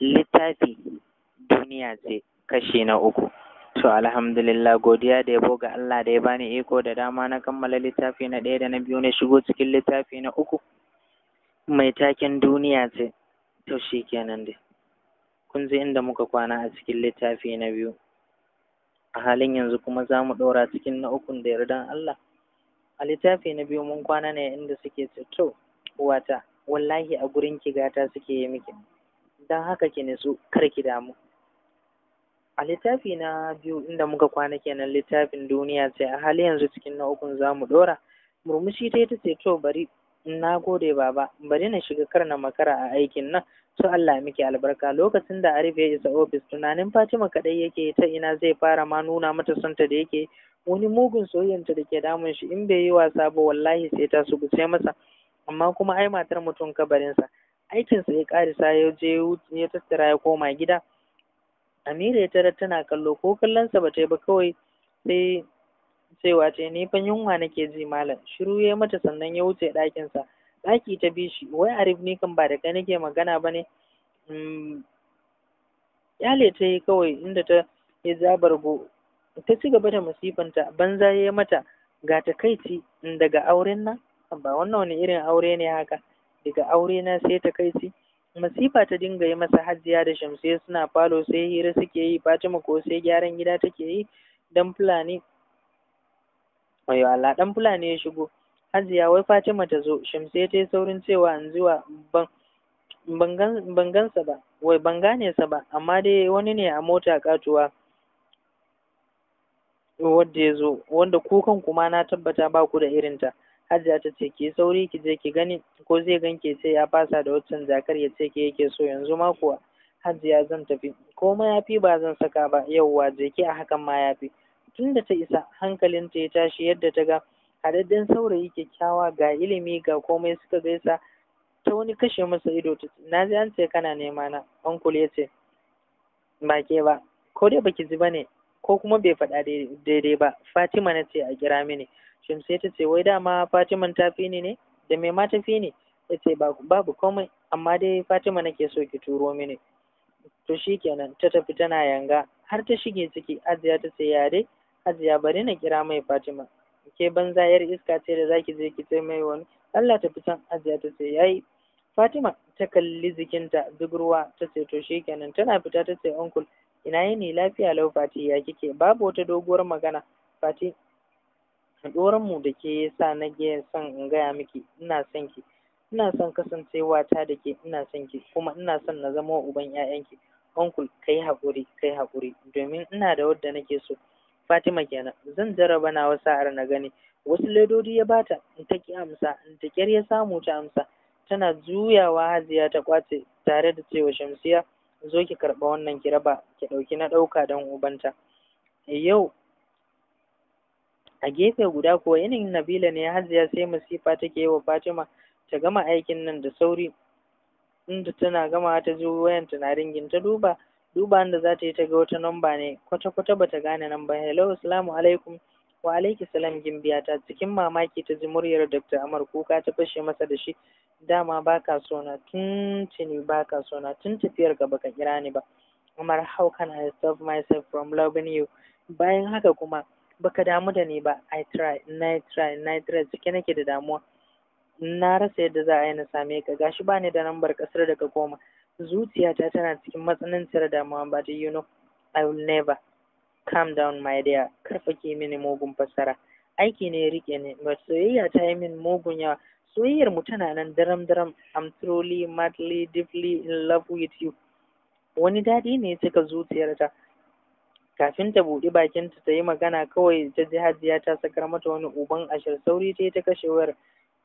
littafi duniya ce kashi na uku to alhamdulillah godiya da yabo ga Allah da ya bani iko da dama na kammala littafi na ɗaya da na biyu na shigo cikin littafi na uku mai taken duniya ce to kenan dai kun ji inda muka kwana a cikin littafi na biyu a halin yanzu kuma za mu ɗora cikin na ukun da yardan Allah a littafi na biyu mun kwana ne inda suke ce to uwata wallahi a gurin kigata gata suke yi miki don haka ki nutsu kar ki damu a littafi na biyu inda muka kwana kenan littafin duniya ce a hali yanzu cikin na ukun za mu ɗora murmushi ta ta ce to bari na gode baba bari na shiga kar na makara a aikin nan to Allah miki albarka lokacin da Arif ya isa ofis tunanin Fatima kadai yake ta ina zai fara ma nuna mata ta da yake wani mugun soyayyanta da ke damun shi in bai yi wasa ba wallahi sai ta sai masa amma kuma ai matar mutum kabarinsa aikinsa ya ƙarisa ya je ya tattara ya koma gida Amira ya tara tana kallo ko kallonsa ba ta yi ba kawai sai cewa ce ni fa yunwa nake ji malam shiru ya mata sannan ya wuce ɗakinsa ɗaki ta bi shi wai arif ni kan ba da kai nake magana ba ne mm, yale ta yi kawai inda ta ya ja bargo ta ci gaba da musifanta banza ya mata ga takaici daga auren nan ba wannan wani irin aure ne haka daga aure na sai ta kai ci masifa ta dinga yi masa hajiya da shamsiya suna falo sai hira suke yi fatima ko sai gyaran gida take yi dan fulani wayo Allah dan fulani ya shigo hajiya wai fatima ta zo shamsiya ta yi saurin cewa an zuwa ban ban sa ba wai ban gane sa ba amma dai wani ne a mota katuwa wadda ya zo wanda ku kan kuma na tabbata ba ku da irinta Hajiya ta ce ki sauri ki je ki gani ko zai ganke sai ya fasa da wancan jakar ya ce ke yake so yanzu ma kuwa Hajiya zan tafi ko mayafi ba zan saka ba yauwa je ki a hakan mayafi da ta isa hankalinta ya tashi yadda ta ga haɗaɗɗen saurayi kyakkyawa ga ilimi ga komai suka gaisa ta wani kashe masa ido na ji an ce kana nema na onkul ya ce ba ke ba ko dai baki ji ba ne ko kuma bai faɗa daidai ba fatima na ce a kira mini sai ta ce wai dama Fatima ta fi ni ne da me ma ta fi ni ya ce babu komai amma dai Fatima nake so ki turo mini to shi kenan ta tafi tana yanga har ta shige ciki ajiya ta ce ya dai ajiya bari na kira mai Fatima ke banza yar iska ce da zaki je ki ce mai wani Allah ta fitan ajiya ta ce yi. Fatima ta kalli jikinta zugurwa ta ce to shi kenan tana fita ta ce uncle ina yini lafiya lau Fati ya kike babu wata doguwar magana Fati Doron mu da ke yasa na ke son in gaya miki ina son ki ina son kasancewa ta da ke ina son ki kuma ina son na zama uban ƴaƴanki uncle kai haƙuri kai haƙuri domin ina da wadda nake so Fatima kenan zan jarraba nawa sa'ar na gani wasu ledodi ya bata in ta ki amsa in ta kyar ya samu ta amsa tana juyawa hajiya ta kwace tare da cewa shamsiya zo ki karɓa wannan ki raba ki ɗauki na ɗauka don ubanta yau a gefe guda kuwa yanayin nabila ne hajiya sai masifa take yi wa fatima ta gama aikin nan da sauri inda tana gama ta ji wayan na ringin duba duba inda za ta yi ta ga wata namba ne kwata kwata ba ta gane nan ba hello assalamu alaikum wa alaiki salam gimbiya ta cikin mamaki ta ji muryar dr amar kuka ta fashe masa da shi dama baka sona tun tuni baka sona tun tafiyar ka baka kira ni ba Amar, how can I stop myself from loving you bayan haka kuma baka damu da ni ba i try na try na try cike nake da damuwa na rasa yadda za a yi na same ka gashi ba ni da lambar kasar daga goma zuciyata tana cikin matsananciyar damuwa ba da you know i will never calm down my dear karfake mini mugun fasara aiki ne ya rike ni Ba soyayya ta yi min mugun yawa soyayyar mu tana nan daram daram i'm truly madly deeply in love with you wani daɗi ne ya cika zuciyarta kafin ta buɗi bakinta ta yi magana kawai ta ji hajiya ta sakar mata wani uban ashir sauri ta yi ta kashe wayar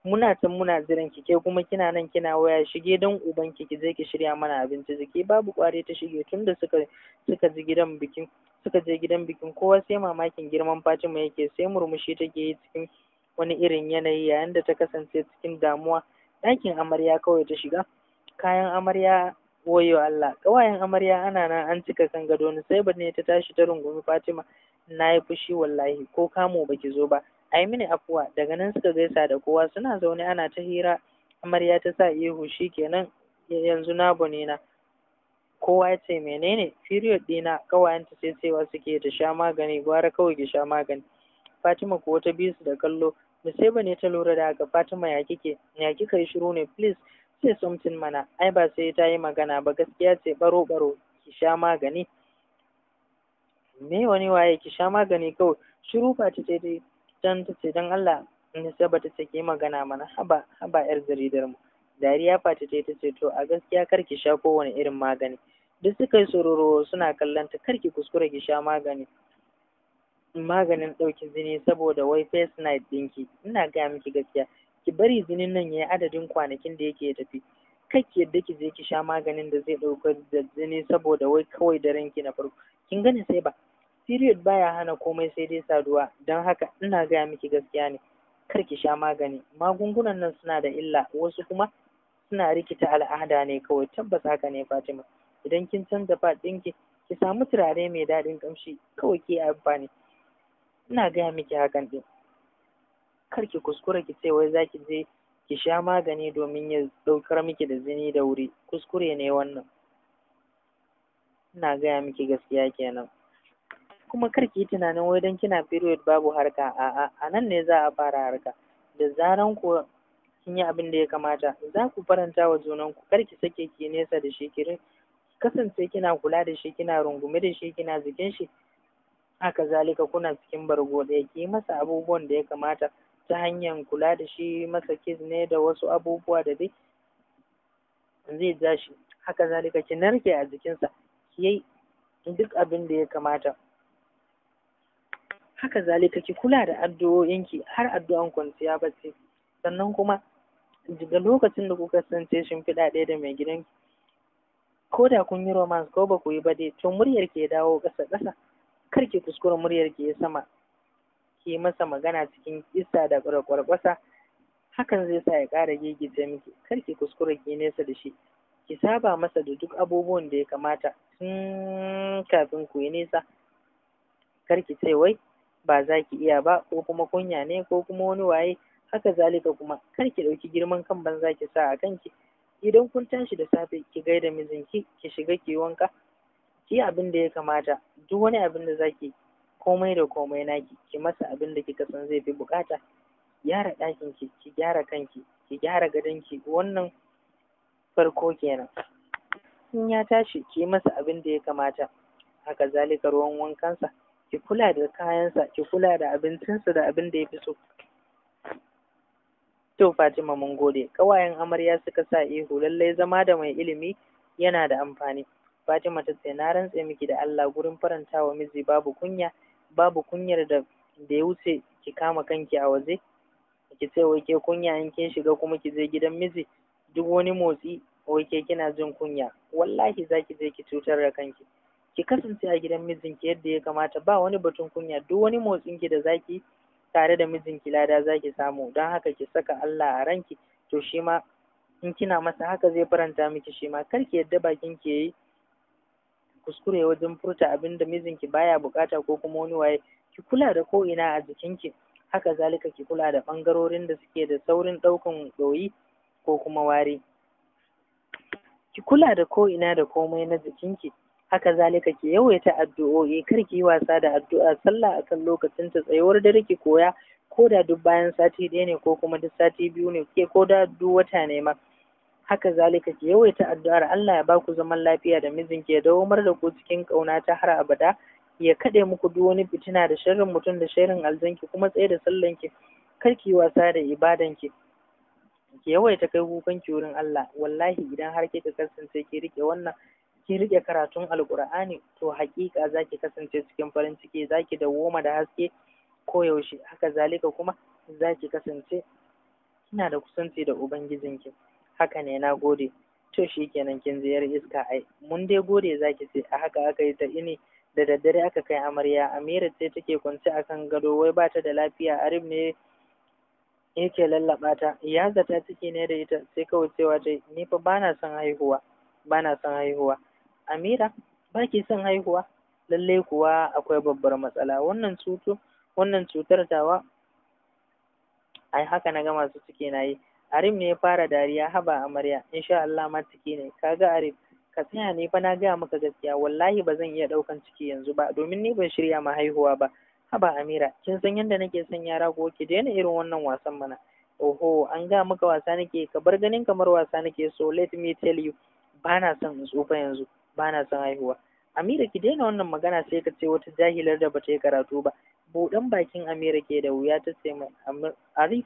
muna can muna jiran ki ke kuma kina nan kina waya shige don uban ki ki je ki shirya mana abinci jiki babu kwari ta shige tun da suka suka ji gidan bikin suka je gidan bikin kowa sai mamakin girman Fatima yake sai murmushi take yi cikin wani irin yanayi yayin da ta kasance cikin damuwa ɗakin amarya kawai ta shiga kayan amarya Wayo Allah, ƙawayen amarya ana nan an cika kan gado ni sai ne ta tashi ta rungumi Fatima nayi yi fushi wallahi ko kamo baki zo ba. Ai mini afuwa daga nan suka gaisa da kowa suna zaune ana ta hira amarya ta sa ihu shikenan yanzu na bone na. Kowa ya ce menene period ɗina ƙawayenta sai cewa suke ta sha magani gwara kawai ki sha magani. Fatima ko ta bi su da kallo sai ne ta lura da haka Fatima ya kike ya kika yi shiru ne please ce sumtin mana ai ba sai ta yi magana ba gaskiya ce baro baro ki sha magani me wani waye ki sha magani kawai shiru ba ta ce dan ta ce dan Allah Nisaba ta ce ki magana mana haba haba yar jaridar mu dariya fata ta ta ce to a gaskiya kar ki sha kowane irin magani duk suka yi sororo suna kallon ta kar ki kuskura ki sha magani maganin ɗaukin jini saboda wai face night ɗinki ina gaya miki gaskiya ki bari jinin nan yayi adadin kwanakin da yake tafi kai ki yadda ki je ki sha maganin da zai ɗaukar da jini saboda wai kawai daren ki na farko kin gani sai ba period baya hana komai sai dai saduwa don haka ina gaya miki gaskiya ne kar ki sha magani magungunan nan suna da illa wasu kuma suna rikita al'ada ne kawai tabbas haka ne Fatima idan kin canza fat ɗinki ki samu turare mai daɗin ƙamshi kawai ki amfani ina gaya miki hakan ɗin kar ki kuskura ki ce wai za ki je ki sha magani domin ya ɗaukar miki da jini da wuri kuskure ne wannan ina gaya miki gaskiya kenan kuma kar ki yi tunanin wai don kina period babu harka a'a a nan ne za a fara harka da zaran ku kin yi abin da ya kamata za ku faranta wa junanku kar ki sake ki nesa da shi ki kasance kina kula da shi kina rungume da shi kina zikin shi haka zalika kuna cikin bargo ɗaya ki yi masa abubuwan da ya kamata ta hanyar kula da shi masa kit ne da wasu abubuwa da dai zai ja shi haka zalika ki narke a jikinsa ki yi duk abin da ya kamata haka zalika ki kula da addu'o'inki har addu'an kwanciya bacci sannan kuma daga lokacin da kuka shin fida ɗaya da mai gidan ki ko da kun yi romance ko ba ku yi ba dai to muryar ke dawo ƙasa ƙasa kar ki kuskura muryar ki ya sama ke masa magana cikin kisa da kwarkwasa hakan zai sa ya ƙara gigice miki kar ki kuskura ki nesa da shi ki saba masa da duk abubuwan da ya kamata tun kafin ku yi nesa kar ki ce wai ba za ki iya ba ko kuma kunya ne ko kuma wani waye haka zalika kuma kar ki ɗauki girman kan banza ki sa a kanki idan kun tashi da safe ki gaida mijinki ki shiga ki wanka ki yi abin da ya kamata duk wani abin da zaki komai da komai naki ki masa abin da kika san zai fi bukata gyara ɗakin ki ki gyara kanki ki gyara gadon ki wannan farko kenan in ya tashi ki masa abin da ya kamata haka zalika ruwan wankansa ki kula da kayansa ki kula da abincinsa da abin da ya fi so to Fatima mun gode kawayen amarya suka sa ihu lallai zama da mai ilimi yana da amfani Fatima ta ce na rantse miki da Allah gurin farantawa miji babu kunya babu kunyar da da ya wuce ki kama kanki a waje ki ce wai ke kunya in kin shiga kuma ki je gidan miji duk wani motsi wai ke kina jin kunya wallahi zaki je ki cutar da kanki ki kasance a gidan mijinki yadda ya kamata ba wani batun kunya duk wani motsin ki da zaki tare da mijinki lada zaki samu don haka ki saka Allah a ranki to shi ma in kina masa haka zai faranta miki shi ma kar ki yadda bakin ki yayi kuskure wajen furta abin da mijinki baya bukata ko kuma wani waye ki kula da ko ina a jikinki haka zalika ki kula da bangarorin da suke da saurin ɗaukan ɗoyi ko kuma wari ki kula da ko ina da komai na jikinki haka zalika ki yawaita addu'o'i kar ki yi wasa da addu'a sallah akan lokacin ta tsayuwar dare ki koya ko da duk bayan sati ɗaya ne ko kuma duk sati biyu ne ke ko da duk wata ne ma haka zalika ki yawaita addu'ar Allah ya baku zaman lafiya da mijinki ya dawomar da ku cikin kauna ta har abada ya kaɗe muku duk wani fitina da sharrin mutum da sharrin aljanki kuma tsaye da sallanki kar ki wasa da ibadanki ki yawaita kai kukan ki wurin Allah wallahi idan har kika kasance ki rike wannan ki rike karatun alkur'ani to hakika zaki kasance cikin farin ciki zaki dawoma da haske ko yaushe. haka zalika kuma zaki kasance kina da kusanci da ubangijinki haka ne na gode to shi kenan kin ziyar iska ai mun dai gode za ki ce a haka aka yi ta ini da daddare aka kai amarya amira ce take kwance a kan gado wai ba ta da lafiya arif ne yake lallaɓa ta ya zata ciki ne da ita sai kawai cewa ta ni fa bana son haihuwa bana son haihuwa amira baki son haihuwa lallai kuwa akwai babbar matsala wannan cutu wannan cutar tawa ai haka na ga masu ciki na yi Arif ne ya fara dariya haba amarya insha Allah ma ciki ne kaga Arif ka tsaya ne fa na gaya maka gaskiya wallahi ba zan iya ɗaukan ciki yanzu ba domin ni ban shirya ma haihuwa ba haba Amira kin san yadda nake son yara ko ki daina irin wannan wasan mana oho an ga maka wasa nake ka bar ganin kamar wasa nake so let me tell you bana son in tsufa yanzu bana son haihuwa Amira ki daina wannan magana sai ka ce wata jahilar da bata yi karatu ba budan bakin Amira ke da wuya ta ce Arif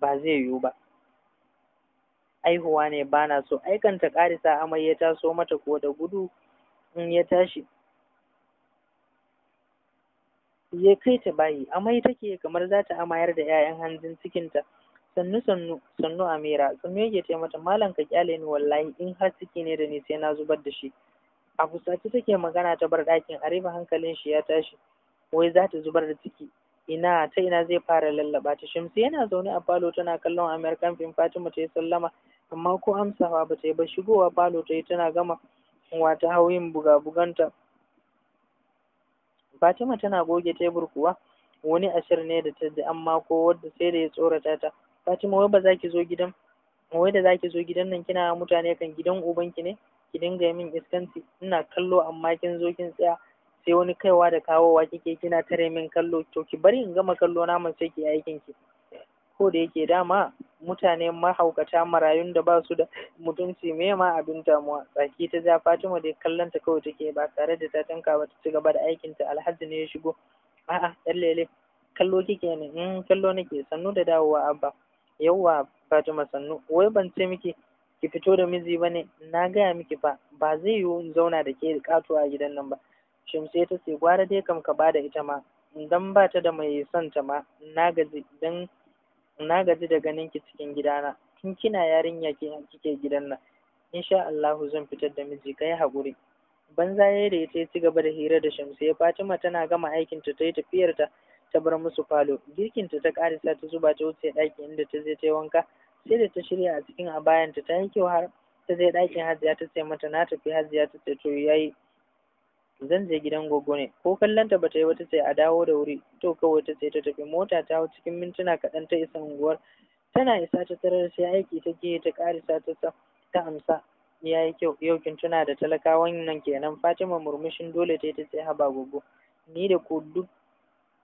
ba zai yiwu ba aihuwa ne bana na so aikanta ƙarisa amai ya taso mata ko da gudu in ya tashi ya kai ta bayi amai take kamar za ta amayar da 'ya'yan hanjin cikinta sannu sannu sannu amira sannu yake ce mata malam ka kyale ni wallahi in har ciki ne da ni sai na zubar da shi a fusace take magana ta bar ɗakin a riba hankalin shi ya tashi wai za ta zubar da ciki ina ta ina zai fara lallaba ta shimsi yana zaune a falo tana kallon american film fatima ta yi sallama amma ko amsawa ba ta yi ba shigowa falo ta yi tana gama wata hauyin buga-buganta fatima tana goge tebur kuwa wani ashir ne da ta ji amma ko wadda sai da ya tsorata ta fatima wai ba za ki zo gidan wai da za ki zo gidan nan kina mutane kan gidan ubanki ne ki dinga min iskanci ina kallo amma kin zo kin tsaya sai wani kaiwa da kawowa kike kina tare min kallo to ki bari in gama kallo naman sai ki aikin ki ko da yake dama mutane mahaukata marayun da basu da mutunci me ma abin damuwa tsaki ta ja Fatima da kallon ta kawai take ba tare da ta tanka ba ta ci gaba da aikin ta Alhaji ne ya shigo a'a yar lele kallo kike ne in mm, kallo nake sannu da dawowa abba yawwa Fatima sannu wai ban ce miki ki fito da miji bane na gaya miki fa ba zai yiwu in zauna da ke katuwa a gidan nan ba Shamsiyya ta ce gwara dai kam ka bada ita ma dan ba ta da mai son ta ma na gaji dan na gaji da ganin ki cikin gidana tun kina yarinya ke kike gidan nan insha Allahu zan fitar da miji kai hakuri. banza yayi da ita ya ci gaba da hira da Shamsiyya Fatima tana gama aikin ta tayi tafiyar ta ta bar musu falo girkin ta ta karisa ta zuba ta wuce ɗaki inda ta je ta wanka sai da ta shirya a cikin abayanta ta yi kyau har ta je ɗakin hajiya ta ce mata na tafi hajiya ta ce to yayi zan je gidan gogo ne ko kallonta ba ta yi wata ce a dawo da wuri to kawai ta ce ta tafi mota ta hau cikin mintuna kaɗan ta isa unguwar tana isa ta tarar sai aiki ta take ta ƙarisa ta ta amsa ya yi kyau yau kin tuna da talakawan nan kenan fatima murmushin dole ta ta ce haba gogo ni da ku duk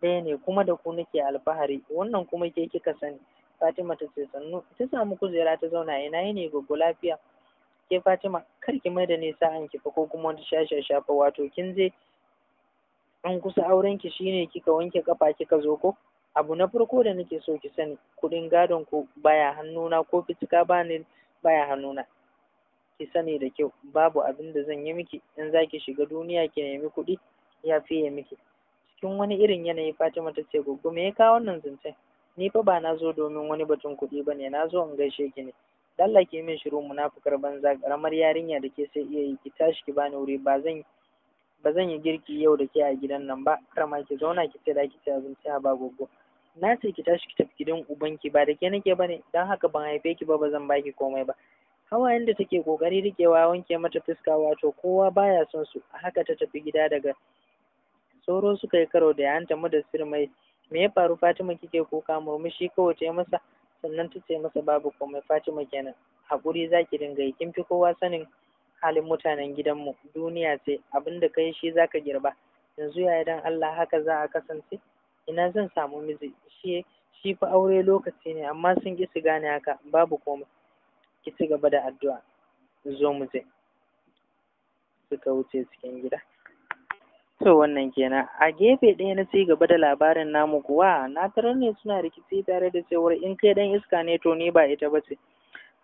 ɗaya ne kuma da ku nake alfahari wannan kuma ke kika sani fatima ta ce sannu ta samu kujera ta zauna ina ne gogo lafiya ke Fatima kar ki mai da an kifa fa ko kuma wani sashen shafa wato kin je an kusa auren ki shine kika wanke kafa kika zo ko abu na farko da nake so ki sani kuɗin gadon ku baya hannuna ko fitika bani baya hannuna ki sani da kyau babu abin da zan yi miki in zaki shiga duniya ki nemi kuɗi ya fiye miki cikin wani irin yanayi Fatima ta ce gugu me ya kawo wannan zancen ni fa ba na zo domin wani batun kuɗi ba ne na zo in gaishe ki ne Allah min shiru munafukar banza karamar yarinya da ke sai iya yi ki tashi ki bani wuri ba zan ba zan yi girki yau da ke a gidan nan ba karama ki zauna ki tsaya ki ci abinci a bagogo na ce ki tashi ki tafi gidan ubanki ba da ke nake bane dan haka ban haife ki ba ba zan baki komai ba hawayen da take kokari rikewa wanke mata fuska wato kowa baya son su A haka ta tafi gida daga tsoro suka yi karo da yanta mu da sirmai me ya faru Fatima kike kuka murmushi kawai ta yi masa sannan ta ce masa babu komai Fatima kenan haƙuri zaki dinga yi kin fi kowa sanin halin mutanen gidanmu duniya ce abinda da kai shi zaka girba yanzu yaya dan Allah haka za a kasance ina zan samu miji shi shi fa aure lokaci ne amma sun ki su gane haka babu komai ki ci gaba da addu'a zo mu je suka wuce cikin gida To wannan kenan a gefe ɗaya na ci gaba da labarin namu kuwa na tarar ne suna rikici tare da cewar in kai dan iska ne to ni ba ita ba ce.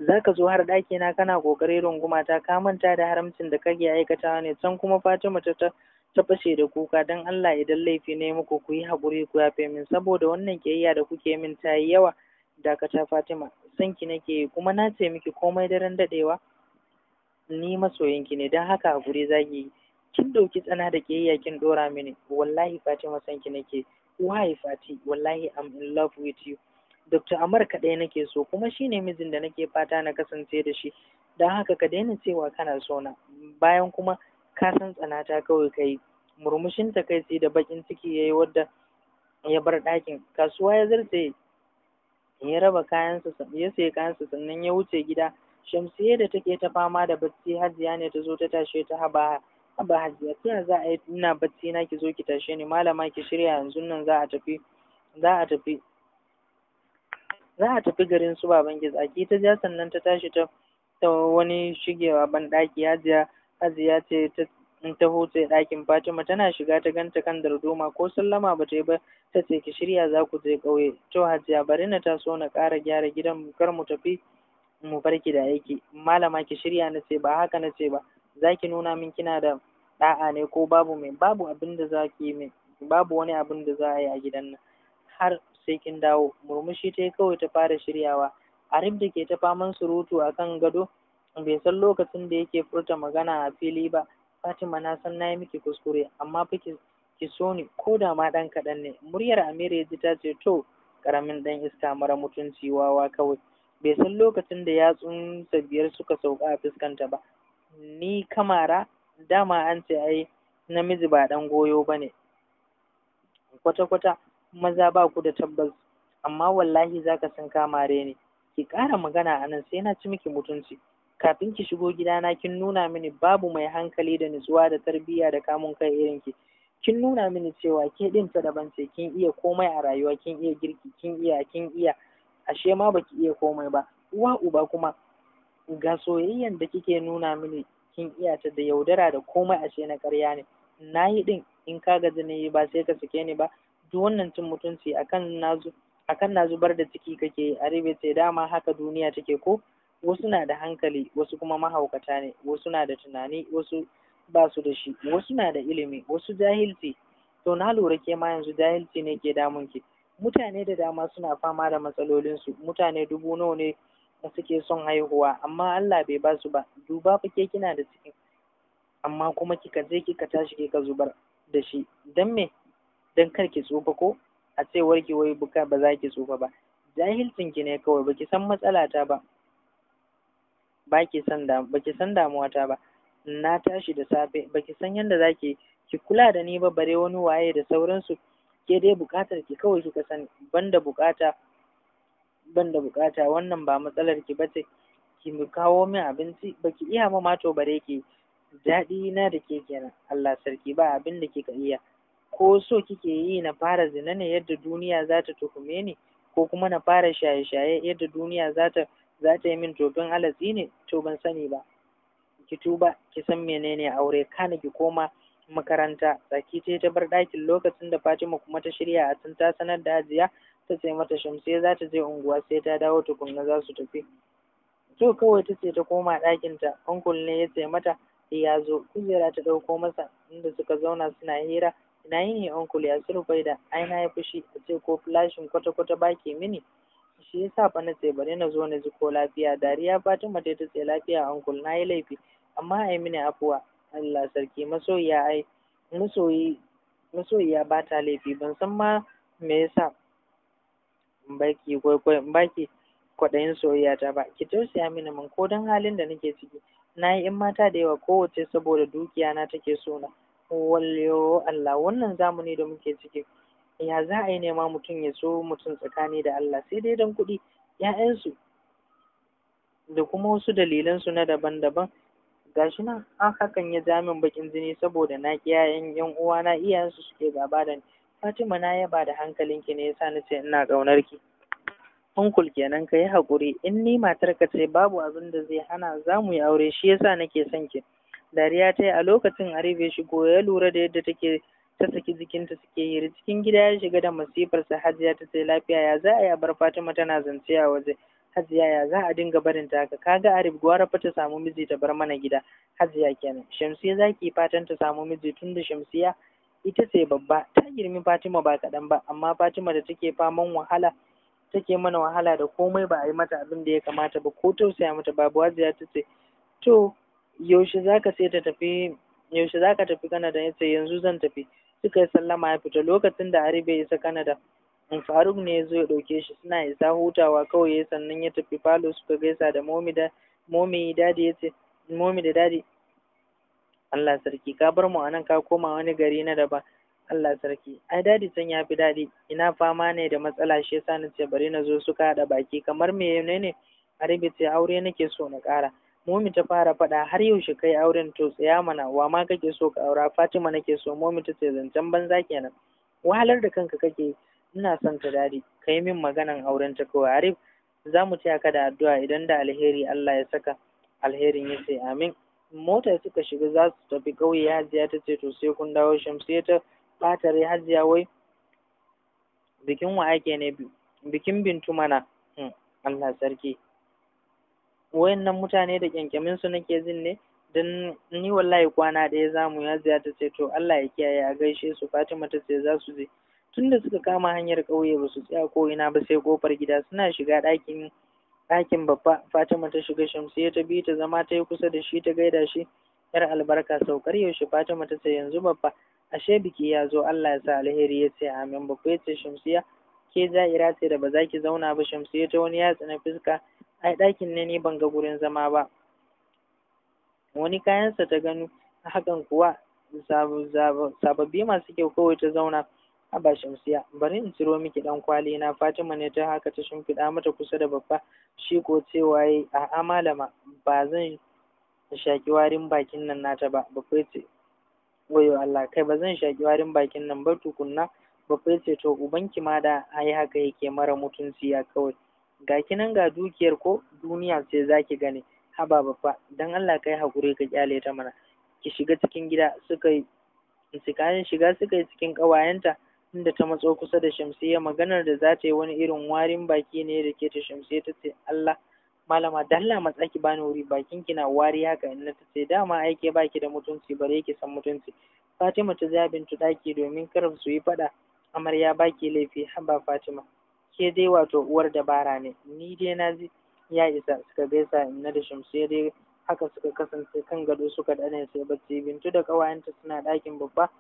Za ka zo har ɗaki na kana ƙoƙarin runguma ta ka manta da haramcin da ke aikatawa ne can kuma Fatima ta ta fashe da kuka don Allah idan laifi ne muku ku yi haƙuri ku yafe min saboda wannan ƙiyayya da kuke min ta yi yawa dakata Fatima sanki nake kuma na ce miki komai daren daɗewa ni masoyinki ne don haka haƙuri za ki yi kin ɗauki tsana da ƙiyayya kin ɗora mini wallahi Fati masan ki nake why Fati wallahi I'm in love with you Dr. Amar kaɗai nake so kuma shine mijin da nake fata na kasance da shi don haka ka daina cewa kana so na bayan kuma ka san ta kawai kai murmushin ta kai sai da bakin ciki yayi wadda ya bar ɗakin kasuwa ya zarce ya raba kayansa ya sayi kayansa sannan ya wuce gida shamsiyya da take ta fama da bacci hajiya ne ta zo ta tashe ta haba ba hajiya ta za a yi ina bacci na ki zo ki tashe ni malama ki shirya yanzu nan za a tafi za a tafi za a tafi garin su baban ki ta ja sannan ta tashi ta ta wani shigewa ban daki hajiya hajiya ce ta ta huce ɗakin Fatima tana shiga ta ganta kan darduma ko sallama ba ta yi ba ta ce ki shirya za ku je ƙauye to hajiya bari na taso na ƙara gyara gidan mu, kar mu tafi mu bar da aiki malama ki shirya na ce ba haka na ce ba zaki nuna min kina da ɗa'a ne ko babu mai babu abin da zaki yi babu wani abin da za a yi a gidan nan har sai kin dawo murmushi ta kawai ta fara shiryawa arif da ke ta faman surutu a kan gado bai san lokacin da yake furta magana a fili ba fatima na san na yi miki kuskure amma fa ki so ni ko da ma ɗan kaɗan ne muryar amira ya ji ta ce to ƙaramin ɗan iska mara mutunci wawa kawai bai san lokacin da yatsunsa biyar suka sauka a fuskanta ba ni kamara dama an ce ai namiji ba ɗan goyo ba ne kwata-kwata maza ba ku da tabbas amma wallahi za ka san kamare ne ki ƙara magana a nan sai na ci miki mutunci kafin ki shigo gidana kin nuna mini babu mai hankali da nutsuwa da tarbiyya da kamun kai irin ki kin nuna mini cewa ke ɗin ta daban ce kin iya komai a rayuwa kin iya girki kin iya kin iya ashe ma baki iya komai ba uwa uba kuma ga soyayyen da kike nuna mini kin iya ta da yaudara da komai ashe na karya ne na yi ɗin in ka gaji na yi ba sai ka sake ni ba duk wannan cin mutunci akan na akan na zubar da ciki kake yi rabe ce dama haka duniya take ko wasu na da hankali wasu kuma mahaukata ne wasu na da tunani wasu ba su da shi wasu na da ilimi wasu jahilci to na lura ke ma yanzu jahilci ne ke damun ki mutane da dama suna fama da matsalolinsu mutane dubu nawa ne da suke son haihuwa amma Allah bai ba su ba duba fa ke kina da cikin amma kuma kika je kika tashi kika zubar da shi dan me dan kar ki tsufa ko a ce ki wai buka ba za ki tsufa ba jahilcin ki ne kawai baki san matsala ta ba baki san da baki san damuwa ta ba na tashi da safe baki san yadda zaki ki kula da ni ba bare wani waye da sauransu ke dai bukatar ki kawai kika sani banda bukata ban da bukata wannan ba matsalar ki bace ki mu kawo min abinci baki iya ma mato bare ki daɗi na da ke kenan Allah sarki ba abin da kika iya ko so kike yi na fara zina ne yadda duniya za ta tuhume ni ko kuma na fara shaye-shaye yadda duniya za ta za ta yi min tofin alatsi ne to ban sani ba ki tuba ki san menene aure kana ki koma makaranta Saki ce ta bar ɗakin lokacin da Fatima kuma ta shirya a can ta sanar da Hajiya ta ce mata Shamsiyya za ta je unguwa sai ta dawo tukunna za su tafi to kawai ta ce ta koma ta uncle ne ya ce mata eh, ya zo kujera ta ɗauko masa inda suka zauna suna hira ina ne Uncle ya surfai da ai na yi fushi a ce ko flashin kwata-kwata ba ke mini shi ya sa fa na ce bari na zo na ji ko lafiya dariya Fatima ta ce lafiya uncle. na yi laifi amma ai mini afuwa Allah sarki masoyiya ai masoyi masoyiya ba ta laifi ban san ma me yasa baki kwaikwayo baki kwaɗayin soyayya ta ba ki tausaya mini min, ko don halin da nake ciki na yi in mata da yawa kowace saboda dukiya na take so na wallo Allah wannan zamani da muke ciki ya za a yi nema mutum ya so mutum tsakani da Allah sai dai dan kuɗi ‘ya'yansu da kuma wasu dalilansu na daban-daban gashi nan an hakan ya ja min bakin jini saboda na ki yayan yan uwana su suke gaba da ni Fatima na yaba da ki ne yasa ce ina kaunar ki Unkul kenan ka hakuri haƙuri in ni matar ka ce babu abin da zai hana za mu yi aure shi yasa nake son ki dariya ta yi a lokacin arife shigo ya lura da yadda take ta saki jikinta suke yi cikin gida ya shiga da masifar sa hajiya ta ce lafiya ya za a yi a bar fatima tana zance a waje hajiya ya za a dinga barin ta haka kaga arif gwara fa ta samu miji ta bar mana gida hajiya kenan shamsiya za ki fatan ta samu miji tun da shamsiya ita ce babba ta girmi fatima ba kaɗan ba amma fatima da take faman wahala take mana wahala da komai ba a yi mata abin da ya kamata ba ko tausaya mata babu hajiya ta ce to yaushe za ka sai ta tafi yaushe za tafi kanada ya ce yanzu zan tafi suka yi sallama ya fita lokacin da arif ya isa kanada Faruk ne ya zo ya ɗauke shi suna isa hutawa kawai sannan ya tafi falo suka gaisa da momi da momi dadi ya ce momi da dadi Allah sarki ka bar mu anan ka koma wani gari na daban Allah sarki ai dadi can ya fi dadi ina fama ne da matsala shi yasa na ce bari na zo suka haɗa baki kamar me ne Arabi ce aure nake so na ƙara Momi ta fara faɗa har yaushe kai auren to tsaya mana wa ma kake so ka aura Fatima nake so Momi ta ce zancen banza kenan wahalar da kanka kake ina son ta Ka yi min maganan auren ta kawai arif za mu taya ka da addu'a idan da alheri Allah ya saka alherin ya sai amin mota suka shiga za su tafi kauye hajiya ta ce to sai kun dawo ya ta ɓata rai hajiya wai bikin wa ake ne bikin bintu mana hmm. Allah sarki wayannan mutane da kyankyamin su nake jin ne dan ni wallahi kwana ɗaya yi hajiya ta ce to Allah ya kiyaye a gaishe su Fatima ta ce za su je tunda suka kama hanyar ƙauye ba su tsaya ko ina ba sai kofar gida suna shiga ɗakin ɗakin babba Fatima ta shiga Shamsiyya ta bi ta zama ta yi kusa da shi ta gaida shi yar albarka saukar yaushe Fatima ta ce yanzu babba ashe biki ya zo Allah ya sa alheri ya ce amin babba ya ce Shamsiyya ke ja'ira ce da ba za ki zauna ba Shamsiyya ta wani yatsa na fuska ai ɗakin ne ni ban ga gurin zama ba wani kayansa ta gano hakan kuwa sababbi masu kyau kawai ta zauna ba Shamsiya, bari in ciro miki ɗan kwali na Fatima ne ta haka ta shimfiɗa mata kusa da babba shi ko cewa yayi a'a malama ba zan shaki warin bakin nan nata ba babba ce wayo Allah kai ba zan shaki warin bakin nan ba tukunna babba ce to ubanki ma da ai haka yake mara mutunci ya kawai ga kinan ga dukiyar ko duniya ce zaki gani haba babba dan Allah kai hakuri ka kyale ta mana ki shiga cikin gida suka yi shiga suka yi cikin ƙawayenta inda ta matso kusa da shamsiyya maganar da za ta yi wani irin warin baki ne da ke ta shamsiyya ta ce Allah malama da Allah matsa ki bani wuri bakin ki na wari haka in ta ce dama aike baki da mutunci bare ki san mutunci Fatima ta ja bintu daki domin kar su yi fada amarya baki laifi haba Fatima ke dai wato uwar dabara ne ni dai na ji ya isa suka gaisa inna da shamsiyya dai haka suka kasance kan gado suka dane sai bacci bintu da ƙawayenta suna dakin babba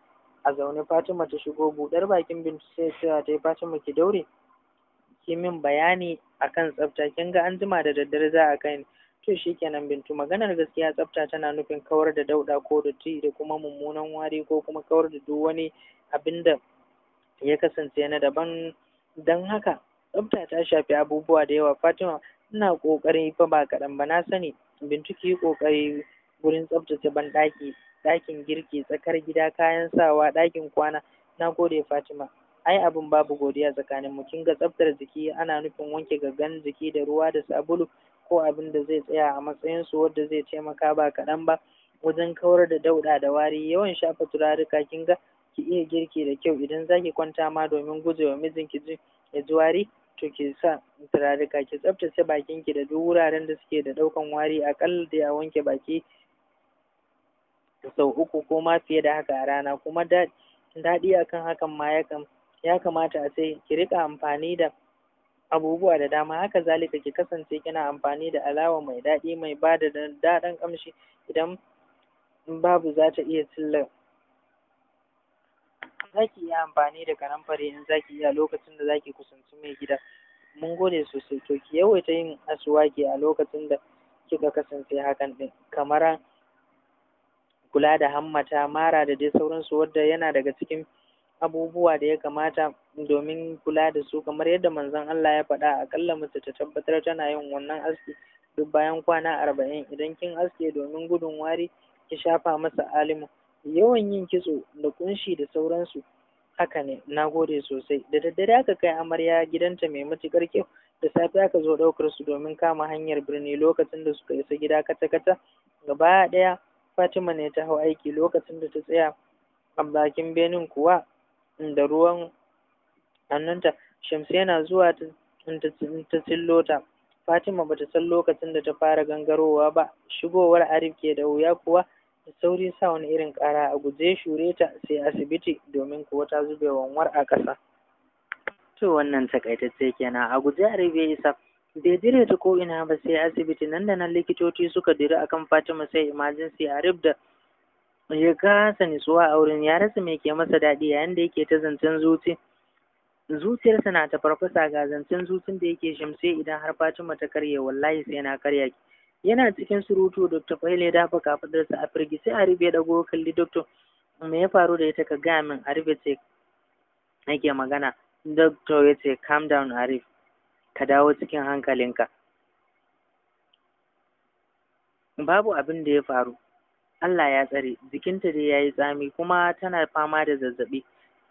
a zaune Fatima ta shigo buɗar bakin Bintu sai cewa ta yi Fatima ki daure ki min bayani akan tsafta kin ga an da daddare za a kai to shikenan Bintu maganar gaskiya tsafta tana nufin kawar da dauɗa ko datti da kuma mummunan wari ko kuma kawar da duk wani abin da ya kasance na daban dan haka tsafta ta shafi abubuwa da yawa Fatima ina ƙoƙari fa ba kadan ba na sani Bintu ki yi gurin tsaftace banɗaki ɗakin girki, tsakar gida, kayan sawa, ɗakin kwana. Na gode Fatima. Ai abin babu godiya tsakanin mu. Kin ga tsaftar jiki ana nufin wanke gangan jiki da ruwa da sabulu ko abin da zai tsaya a matsayin su wanda zai taimaka ba kaɗan ba wajen kawar da dauɗa da wari. Yawan shafa turaruka kin ga ki iya girki da kyau idan zaki kwanta ma domin gujewa mijinki ji ya ji wari to ki sa turaruka ki tsaftace ki da duk wuraren da suke da ɗaukan wari akalla dai a wanke baki sau uku ko ma fiye da haka a rana kuma daɗi akan hakan ma ya kamata a sai ki riƙa amfani da abubuwa da dama haka zalika ki kasance kina amfani da alawa mai daɗi mai ba da daɗin ƙamshi idan babu za ta iya sillar. za ki iya amfani da karamfari in za ki iya lokacin da za ki kusanci mai gida mun gode sosai to ki yawaita yin asuwaki a lokacin da kika kasance hakan ɗin kamar kula da hammata mara da dai sauransu wadda yana daga cikin abubuwa da ya kamata domin kula da su kamar yadda manzon Allah ya faɗa akalla mace ta tabbatar tana yin wannan aski duk bayan kwana arba'in idan kin aske domin gudun wari ki shafa masa alimu yawan yin kitso da ƙunshi da sauransu haka ne na gode sosai da daddare aka kai amarya gidanta mai matuƙar kyau da safe aka zo ɗaukar su domin kama hanyar birni lokacin da suka isa gida kata-kata gaba ɗaya Fatima ne ta hau aiki lokacin da ta tsaya a bakin benin kuwa da ruwan hannunta Shamsu yana zuwa ta tsillo ta Fatima bata san lokacin da ta fara gangarowa ba shigowar Arif ke da wuya kuwa da sauri sa wani irin ƙara a guje shure ta sai asibiti domin kuwa ta zube wanwar a ƙasa to wannan takaitacce kenan a guje Arif ya isa bai dire ta ko'ina ba sai asibiti nan da nan likitoci suka diri akan Fatima sai emergency a da ya kasa nutsuwa a wurin ya rasa mai ke masa daɗi yayin da yake ta zancen zuci zuciyarsa na ta farfasa ga zancen zucin da yake shimse idan har Fatima ta karye wallahi sai na karya ki yana cikin surutu Dr. Faile ya dafa kafadarsa a sai a ya dago kalli Dr. me ya faru da ita ka gaya min a Arif ce nake magana Dr. ya ce calm down Arif ka dawo cikin hankalinka babu abin da ya faru Allah ya tsare jikinta dai ya yi tsami kuma tana fama da zazzaɓi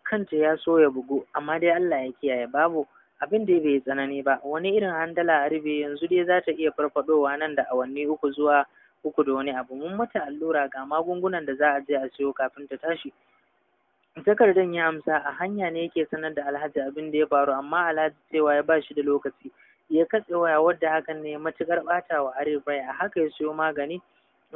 kanta ya so ya bugu amma dai Allah ya kiyaye babu abin da bai tsanani ba wani irin handala a rube yanzu dai za ta iya farfaɗowa nan da awanni uku zuwa uku da wani abu mun mata allura ga magungunan da za a je a siyo kafin ta tashi takardar ya amsa a hanya ne yake sanar da Alhaji abin da ya faru amma Alhaji cewa ya ba shi da lokaci ya katse waya wadda hakan ne matukar bata wa Arif a haka ya siyo magani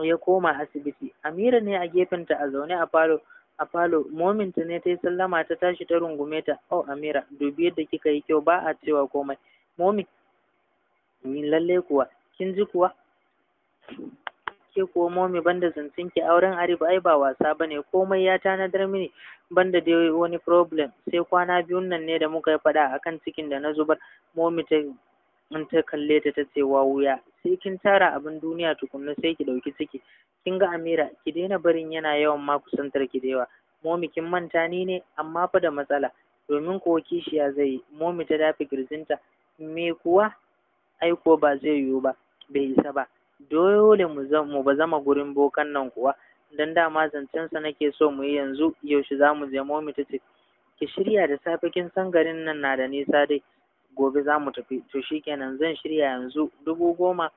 ya koma asibiti Amira ne a gefenta a zaune a falo a falo mominta ne ta yi sallama ta tashi ta rungume ta oh Amira dubi yadda kika yi kyau ba a cewa komai momi lalle kuwa kin ji kuwa ke kuwa momi banda zancen ki auren ari ai ba wasa bane komai ya tanadar mini banda dai wani problem sai kwana biyun nan ne da muka yi faɗa akan cikin da na zubar momi ta in ta kalle ta ta ce wuya sai kin tara abin duniya tukunna sai ki dauki ciki kin ga Amira ki daina barin yana yawan ma kusantar ki da momi kin manta ni ne amma fa da matsala domin kuwa kishiya zai yi momi ta dafi girzinta me kuwa Aiko ba zai yiwu ba bai isa ba dole mu zama gurin bokan nan kuwa dan dama zancen sa nake so mu yi yanzu yaushe za mu je momi ta ce ki shirya da safe kin san garin nan na da nisa dai gobe za mu tafi to shikenan zan shirya yanzu dubu goma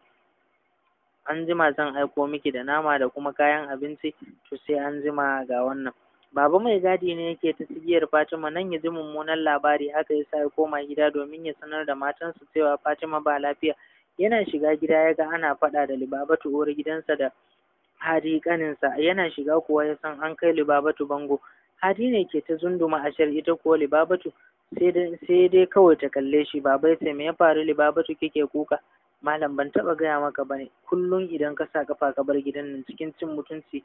an jima zan aiko miki da nama da kuma kayan abinci to sai an jima ga wannan baba mai gadi ne yake ta sigiyar fatima nan ya ji mummunan labari haka yasa sa ya koma gida domin ya sanar da matansa cewa fatima ba lafiya yana shiga gida ya ga ana faɗa da Libabatu uwar gidansa da Hadi kaninsa, yana shiga kuwa ya san an kai Libabatu bango Hadi ne ke ta zunduma a shar ita ko Libabatu sai dai kawai ta kalle shi babai sai me ya faru Libabatu kike kuka malam ban taba gaya maka bane kullum idan ka sa kafa ka bar gidan nan cikin cin mutunci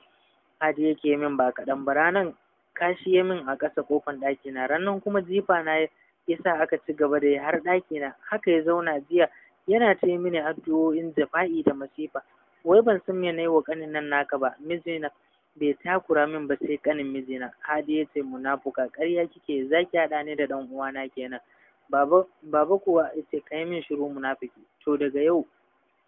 Hadi yake min ba kaɗan ba ranan kashi ya min a ƙasa kofan ɗaki na ranan kuma jifa na ya sa aka ci gaba da har ɗaki na haka ya zauna jiya yana ta yi mini addu'o'in jafa'i da masifa wai ban san me na yi wa ƙanin nan naka ba mijina bai takura min ba sai ƙanin mijina hadi ya ce munafuka ƙarya kike za ki haɗa ni da ɗan uwana kenan baba baba kuwa ya ce ka yi min shiru munafiki to daga yau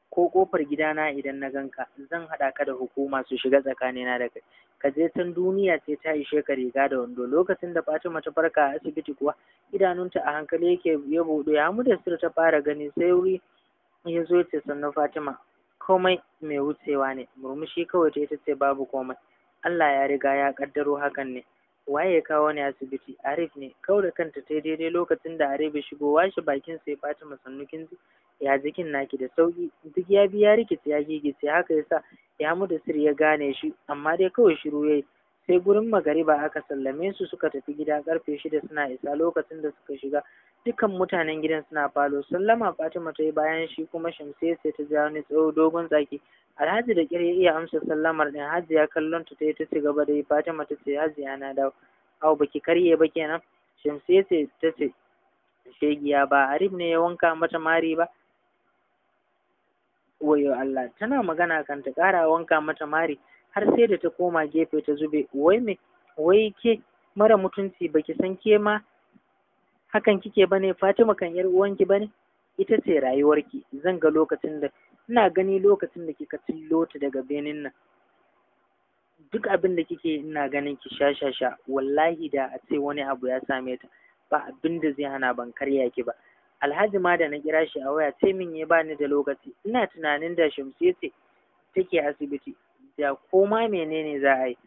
ko kofar gidana idan na ganka zan haɗa ka da hukuma su shiga tsakanina da kai ka je san duniya ce ta ishe ka riga da wando lokacin da Fatima ta farka a asibiti kuwa idanunta a hankali yake ya buɗe ya sir ta fara gani sai wuri ya zo ce sannan Fatima komai mai wucewa ne murmushi kawai ta ce babu komai Allah ya riga ya kaddaro hakan ne waye ya kawo ni asibiti arif ne kau da kanta ta daidai lokacin da arif ya shigo washe bakin sai fatima sannukin ya jikin naki da sauki duk ya bi ya rikice ya gigice haka yasa ya mu da sir ya gane shi amma dai kawai shiru yayi sai gurin magariba aka sallame su suka tafi gida karfe shida suna isa lokacin da suka shiga dukkan mutanen gidan suna falo sallama fatima ta yi bayan shi kuma shamsiyya sai ta ja wani tsawo dogon Zaki. Alhaji da kiri iya amsa sallamar ɗin ya kallon ta ta ci gaba da Fatima ta ce Hajiya na dawo. Au baki karye ba kenan. Shamsiya ce ta ce shegiya ba Arif ne ya wanka mata mari ba. Wayo Allah tana magana kan ta ƙara wanka mata mari har sai da ta koma gefe ta zube wai me wai ke mara mutunci baki san ke ma hakan kike bane Fatima kan yar uwanki bane ita ce rayuwarki zan ga lokacin da ina gani lokacin da kika cillo ta daga benin nan duk abin da kike ina ganin ki sha sha sha wallahi da a ce wani abu ya same ta ba abin da zai hana ban karya ki ba alhaji ma da na kira shi a waya sai min ya bani da lokaci ina tunanin da shamsiya ce take asibiti da koma menene za a yi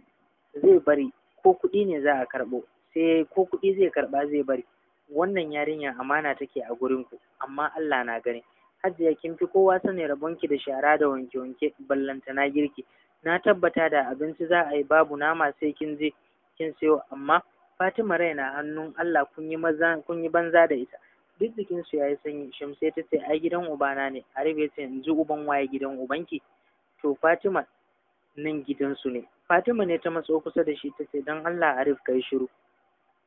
zai bari ko kuɗi ne za a karɓo sai ko kuɗi zai karɓa zai bari wannan yarinyar amana take a gurin ku amma Allah na gani Hajiya kin fi kowa sanin rabonki da shara da wanke-wanke ballanta na girki. Na tabbata da abinci za a yi babu nama sai kin je kin sayo amma Fatima rai na hannun Allah kun yi maza kun yi banza da ita. Duk jikin su yayi sanyi Shamsiyya ta ce ai gidan ubana ne a ya ce yanzu uban waye gidan ubanki to Fatima nan gidansu ne. Fatima ne ta matso kusa da shi ta ce don Allah Arif kai shiru.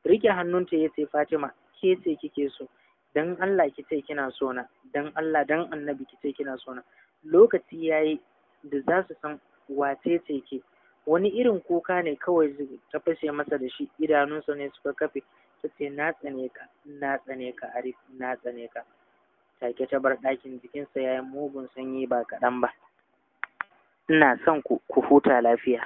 Rike hannunta ya ce Fatima ke ce kike so dan Allah ki ce kina so na dan Allah dan annabi ki ce kina so na lokaci yayi da za su san wace ce ke wani irin kuka ne kawai ta fashe masa da shi idanunsa ne suka kafe ta ce na tsane ka na tsane ka arif na tsane ka take ta bar ɗakin jikinsa ya yi mugun sanyi ba kaɗan ba ina son ku ku huta lafiya